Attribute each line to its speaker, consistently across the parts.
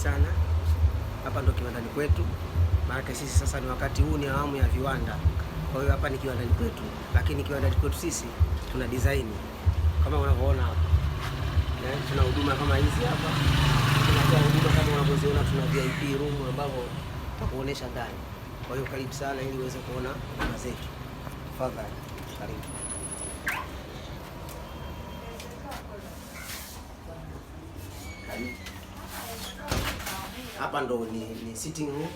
Speaker 1: sana. Hapa ndo kiwandani kwetu, maana sisi sasa ni wakati huu ni awamu ya viwanda. Kwa hiyo hapa ni kiwandani kwetu, lakini kiwandani kwetu sisi tuna design kama unavyoona hapa. Eh, tuna huduma kama hizi hapa, tunatoa huduma kama unavyoziona. Tuna VIP room ambapo tutakuonesha ndani. Kwa hiyo karibu sana, ili uweze kuona huduma zetu. Tafadhali karibu. Thank you. Hapa ndo ni, ni sitting room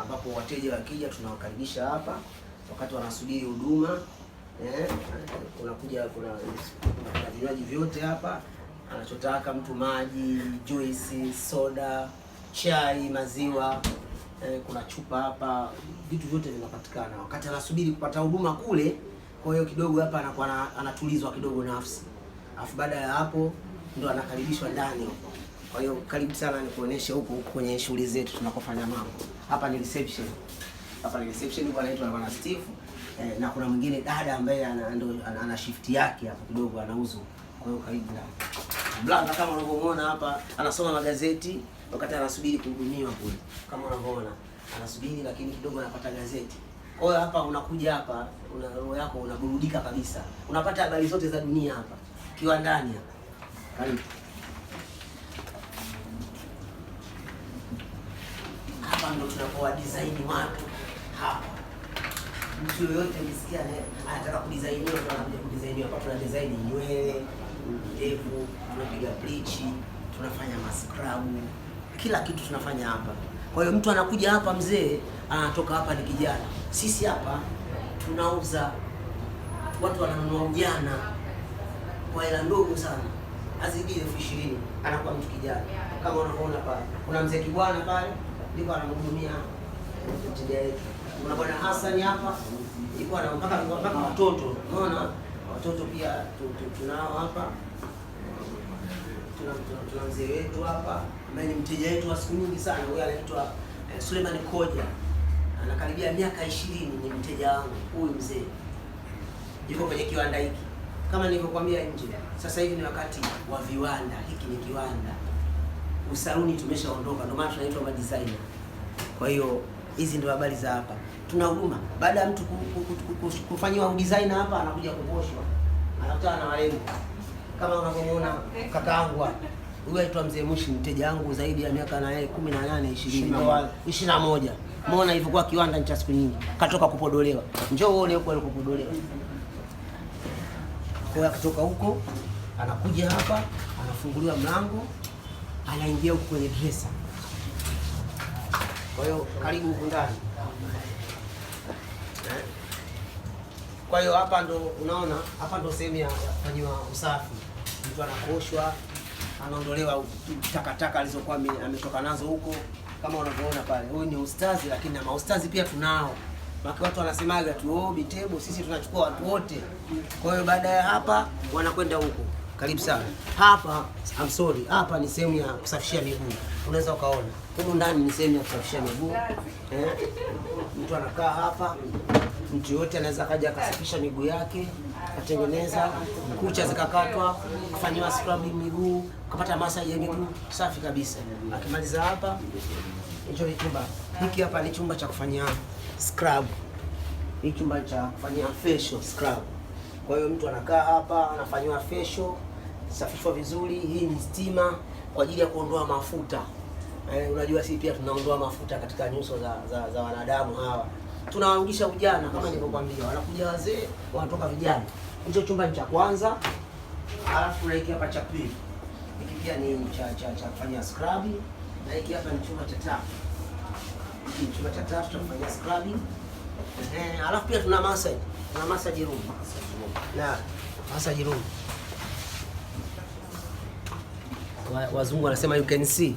Speaker 1: ambapo wateja wakija tunawakaribisha hapa wakati wanasubiri huduma eh, unakuja kuna vinywaji vyote hapa, anachotaka mtu maji, juisi, soda, chai, maziwa eh, kuna chupa hapa, vitu vyote vinapatikana wakati anasubiri kupata huduma kule. Kwa hiyo kidogo hapa anakuwa anatulizwa kidogo nafsi, alafu baada ya hapo ndo anakaribishwa ndani huko. Kwa hiyo karibu sana nikuoneshe huko huko kwenye shughuli zetu tunakofanya mambo. Hapa ni reception. Hapa ni reception kwa anaitwa bwana Steve. Eh, na kuna mwingine dada ambaye ana, ndo ana, ana shift yake hapo kidogo anauzo. Kwa hiyo karibu na Blanda kama unavyomuona hapa anasoma magazeti wakati anasubiri kuhudumiwa kule. Kama unavyoona anasubiri lakini kidogo anapata gazeti. Kwa hiyo hapa unakuja hapa una roho yako unaburudika kabisa. Unapata habari zote za dunia hapa Kiwa ndani hapa. Karibu. hapa ndo tunakuwa design watu hapa. Mtu yoyote msikia anataka kudesigniwa, tunakuja kudesigniwa hapa. Tuna design nywele, ndevu, tunapiga bleach, tunafanya mascrab, kila kitu tunafanya hapa. Kwa hiyo mtu anakuja hapa, mzee anatoka hapa ni kijana. Sisi hapa tunauza, watu wananunua ujana kwa hela ndogo sana, azidi elfu ishirini anakuwa mtu kijana, kama unaona pale. Kuna mzee Kibwana pale ndipo anamhudumia mteja eh, wetu. Kuna bwana Hassan hapa ndipo anampaka mpaka watoto, unaona watoto pia tunao hapa, tuna mzee wetu hapa ambaye ni mteja wetu wa siku nyingi sana, huyo anaitwa eh, Suleiman Koja, anakaribia miaka ishirini, ni mteja wangu huyu mzee, yuko kwenye kiwanda hiki kama nilivyokuambia nje. Sasa hivi ni wakati wa viwanda, hiki ni kiwanda usaluni tumeshaondoka, ndio maana tunaitwa madisaina. Kwa hiyo hizi ndio habari za hapa. Tuna huduma baada ya mtu kufanyiwa udisaina hapa, anakuja kuposhwa, anakutana na warembo kama unavyomuona kakaangu hapa. Huyu aitwa Mzee Mushi, mteja wangu zaidi ya miaka na yeye 18 20 21. Muona hivyo kwa kiwanda cha siku nyingi. Katoka kupodolewa. Njoo uone huko alikopodolewa. Kwa kutoka huko anakuja hapa, anafunguliwa mlango anaingia huko kwenye dresa. Kwa hiyo karibu huku ndani. Eh? Kwa hiyo hapa ndo unaona, hapa ndo sehemu ya kufanyiwa usafi. Mtu anakoshwa, anaondolewa takataka alizokuwa ametoka nazo huko, kama unavyoona pale. Huyu ni ustazi, lakini na maustazi pia tunao maki watu wanasemaga tu, oh, Bitebo sisi tunachukua watu wote. Kwa hiyo baada ya hapa wanakwenda huko. Karibu sana hapa. I'm sorry, hapa ni sehemu ya kusafishia miguu, unaweza ukaona huko ndani ni sehemu ya kusafishia miguu eh. Mtu anakaa hapa, mtu yote anaweza kaja akasafisha miguu yake, atengeneza kucha, zikakatwa, kufanyiwa scrubbing miguu, kupata massage ya miguu safi kabisa. Akimaliza hapa, hicho ni chumba hiki, hapa ni chumba cha kufanyia scrub, Hiki chumba cha kufanyia facial scrub. Kwa hiyo mtu anakaa hapa, anafanyiwa facial safishwa vizuri. Hii ni stima kwa ajili ya kuondoa mafuta. Eh, unajua sisi pia tunaondoa mafuta katika nyuso za za, za wanadamu hawa. Tunawarudisha ujana kama nilivyokuambia, wanakuja wazee, wanatoka vijana. Hicho chumba ni cha kwanza, alafu na hiki hapa cha pili, hiki pia ni cha cha cha kufanya scrub, na hiki hapa ni chumba cha tatu, hiki ni chumba cha tatu cha kufanya scrub. Eh, alafu pia tuna massage, tuna massage room na massage room wazungu wanasema you can see.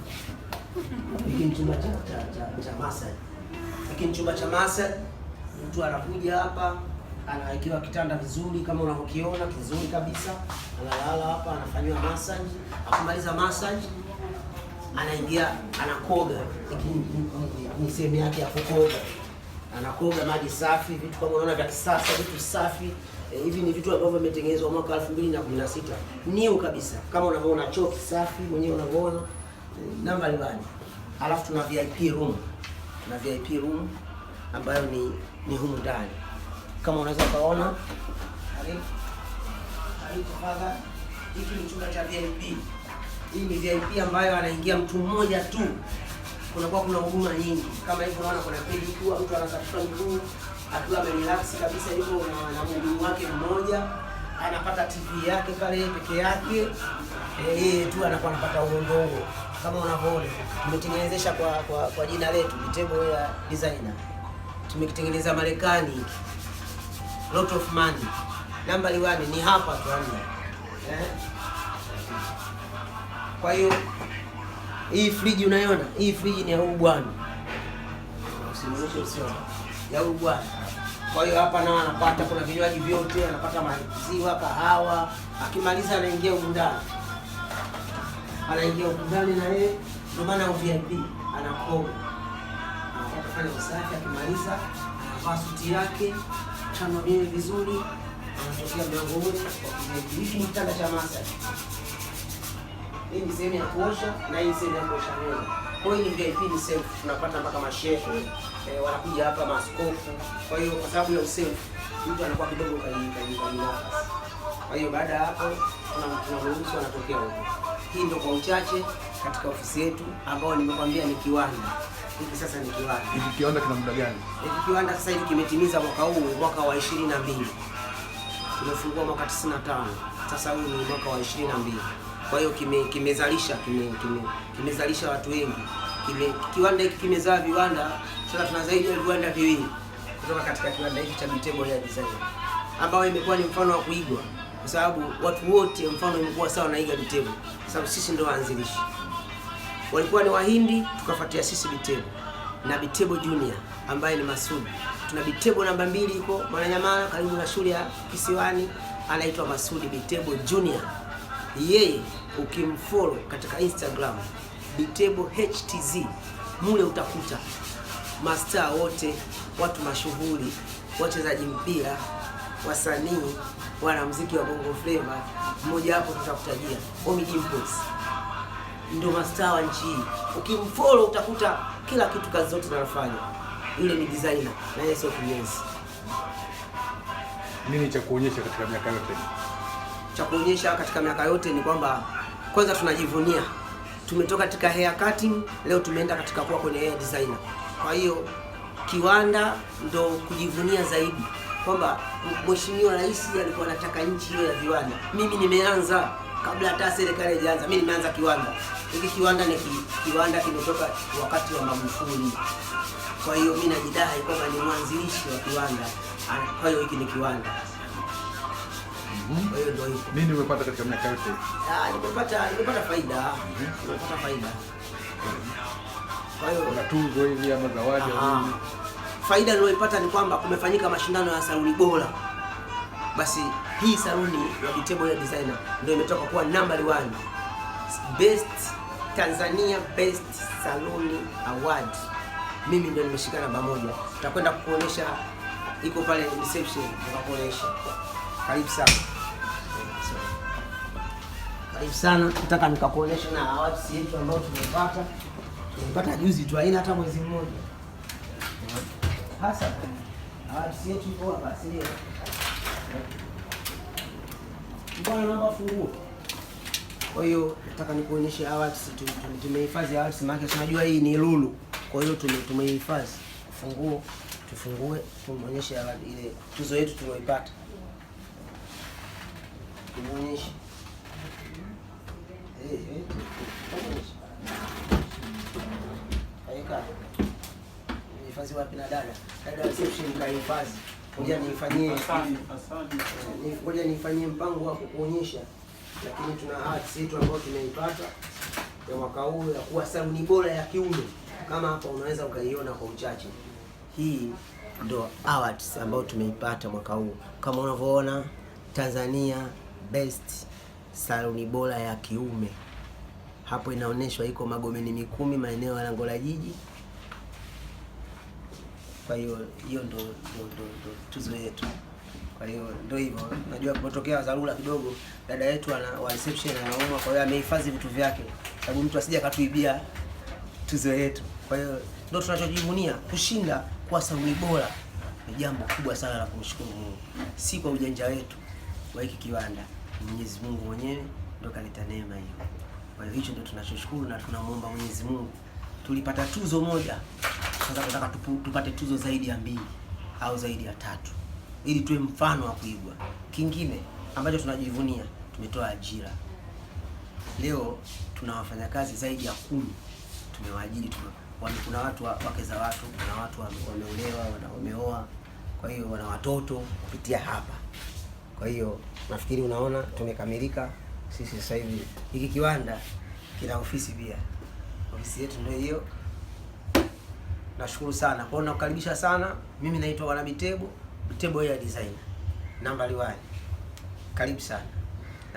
Speaker 1: Lakini chumba cha cha cha massage. Lakini chumba cha masa Mtu anakuja hapa anawekewa kitanda vizuri kama unavyokiona kizuri kabisa, analala hapa, anafanyiwa massage. Akimaliza massage, anaingia anakoga. Ni sehemu yake ya kukoga, anakoga maji safi, vitu kama unaona vya kisasa, vitu safi Eh, hivi ni vitu ambavyo vimetengenezwa mwaka 2016 new kabisa, kama unavyoona choo kisafi mwenyewe unavyoona eh, na mbalimbali. Alafu tuna VIP room tuna VIP room ambayo ni ni humu ndani kama unaweza ukaona. Hiki ni chumba cha VIP. Hii ni VIP ambayo anaingia mtu mmoja tu, kunakuwa kuna huduma nyingi kama hivyo. Unaona kuna page mtu anasafisha miguu akiwa amerelax kabisa hivyo na mhudumu wake mmoja, anapata TV yake pale peke yake eh, yeye tu anakuwa anapata uongoongo kama unavyoona, tumetengenezesha kwa, kwa kwa jina letu Table ya Designer. Tumekitengeneza Marekani, lot of money. Namba liwani ni hapa tu eh? Kwa hiyo hii friji unaiona, hii friji ni ya huyu bwana, usimonyeshe, sio ya huyu bwana kwa hiyo hapa nao anapata, kuna vinywaji vyote anapata, maziwa, kahawa. Akimaliza anaingia huko ndani, anaingia huko ndani na yeye, ndio maana VIP anakoga, anapata fanya usafi. Akimaliza anavaa suti yake chano ile vizuri, anatokea mlangoni kwa kinywaji hiki. Ni kitanda cha masa, Hii ni sehemu ya kuosha na hii sehemu ya kuosha nywele. Kwa hiyo ni VIP, ni safe, tunapata mpaka mashehe eh, wanakuja hapa maaskofu. Kwa hiyo kwa sababu ya usefu mtu anakuwa kidogo kajikanafasi. Kwa hiyo baada ya hapo tunaruhusu anatokea huko. Hii ndio kwa uchache katika ofisi yetu ambao nimekwambia ni kiwanda hiki. Sasa ni kiwanda
Speaker 2: hiki. Kiwanda kina muda gani
Speaker 1: hiki kiwanda? Sasa hivi kimetimiza mwaka huu mwaka wa 22 tumefungua mwaka 95, sasa huu ni mwaka wa 22. Kwa hiyo kimezalisha kime kimezalisha kime, kime watu wengi kime, kiwanda hiki kimezaa viwanda sasa. Tuna zaidi ya viwanda viwili kutoka katika kiwanda hiki cha Mitego Hair Design, ambayo imekuwa ni mfano wa kuigwa kwa sababu watu wote mfano imekuwa sawa Mitego kwa sababu sisi ndio waanzilishi. Walikuwa ni Wahindi, tukafuatia sisi Mitego na Mitego Junior ambaye ni Masud. Tuna Mitego namba mbili huko Mwananyamala karibu na shule ya Kisiwani, anaitwa Masud Mitego Junior. Yeye ukimfollow katika Instagram Bitable HTZ mule utakuta mastaa wote, watu mashuhuri, wachezaji mpira, wasanii, wanamuziki wa bongo fleva. Mmoja wapo tutakutajia Ommy Dimpoz, ndio mastaa wa nchi hii. Ukimfollow utakuta kila kitu, kazi zote zinafanya. ile ni designer na yeye sio kinyenzi.
Speaker 2: Nini cha kuonyesha katika miaka yote?
Speaker 1: Cha kuonyesha katika miaka yote ni kwamba kwanza tunajivunia tumetoka katika hair cutting, leo tumeenda katika kuwa kwenye hair designer. Kwa hiyo kiwanda ndo kujivunia zaidi kwamba Mheshimiwa Rais alikuwa anataka nchi hiyo ya viwanda. Mimi nimeanza kabla hata serikali haijaanza, mimi nimeanza kiwanda hiki. Kiwanda ni kiwanda kimetoka wakati wa Magufuli. Kwa hiyo mimi najidai kwamba ni mwanzilishi wa kiwanda, kwa hiyo hiki ni kiwanda.
Speaker 2: Nini umepata katika miaka yote?
Speaker 1: Ah, nimepata nimepata faida. Nimepata faida.
Speaker 2: Kwa hiyo kuna tuzo hivi ama zawadi au
Speaker 1: Faida niliyoipata ni kwamba kumefanyika mashindano ya saluni bora. Basi hii saluni ya Bitable ya Designer ndio imetoka kuwa number 1 Best Tanzania Best Saluni Award. Mimi ndio nimeshika namba moja. Tutakwenda kukuonesha iko pale reception, tutakuonesha. Karibu sana karibu sana. Nataka nikakuonyesha na awards yetu ambayo tumepata. Tumepata juzi tu, haina hata mwezi mmoja. Hasa awards yetu ipo hapa, si ndio? Mbona naomba funguo? Kwa hiyo nataka nikuoneshe awards, tumehifadhi awards, maana tunajua hii ni lulu. Kwa hiyo tumehifadhi funguo, tufungue tumuonyeshe ile tuzo yetu tuloipata. Tumuonyeshe. imehifadhiwa wapi na dada? Dada reception kahifadhi. Ngoja Asante. ngoja nifanyie mpango wa kukuonyesha, lakini tuna arts yetu ambayo tumeipata ya mwaka huu ya kuwa saluni bora ya kiume, kama hapa unaweza ukaiona kwa uchache. Hii ndo awards ambayo tumeipata mwaka huu, kama unavyoona Tanzania best saluni bora ya kiume hapo inaonyeshwa, iko Magomeni Mikumi, maeneo ya lango la jiji. Kwa hiyo hiyo ndo ndo tuzo yetu. Kwa hiyo ndo hivyo, najua kutokea dharura kidogo, dada yetu ana wa reception anauma, kwa hiyo amehifadhi vitu vyake, sababu mtu asije akatuibia tuzo yetu. Kwa hiyo ndo tunachojivunia kushinda kwa sababu bora ni jambo kubwa sana la kumshukuru Mungu, si kwa ujanja wetu wa hiki kiwanda. Mwenyezi Mungu mwenyewe ndo kaleta neema hiyo. Kwa hiyo hicho ndo tunachoshukuru na tunamwomba Mwenyezi Mungu. Tulipata tuzo moja tunataka tupate tuzo zaidi ya mbili au zaidi ya tatu ili tuwe mfano wa kuigwa. Kingine ambacho tunajivunia, tumetoa ajira. Leo tuna wafanyakazi zaidi ya kumi tumewaajiri. Kuna watu wa, wake za watu, kuna watu wameolewa, wameoa, kwa hiyo wana watoto kupitia hapa. Kwa hiyo nafikiri unaona tumekamilika sisi. Sasa hivi hiki kiwanda kina ofisi pia, ofisi yetu ndio hiyo. Nashukuru sana kwao, nakukaribisha sana. Mimi naitwa Wanabi Tebo, Tebo ya Design namba liwani. Karibu sana.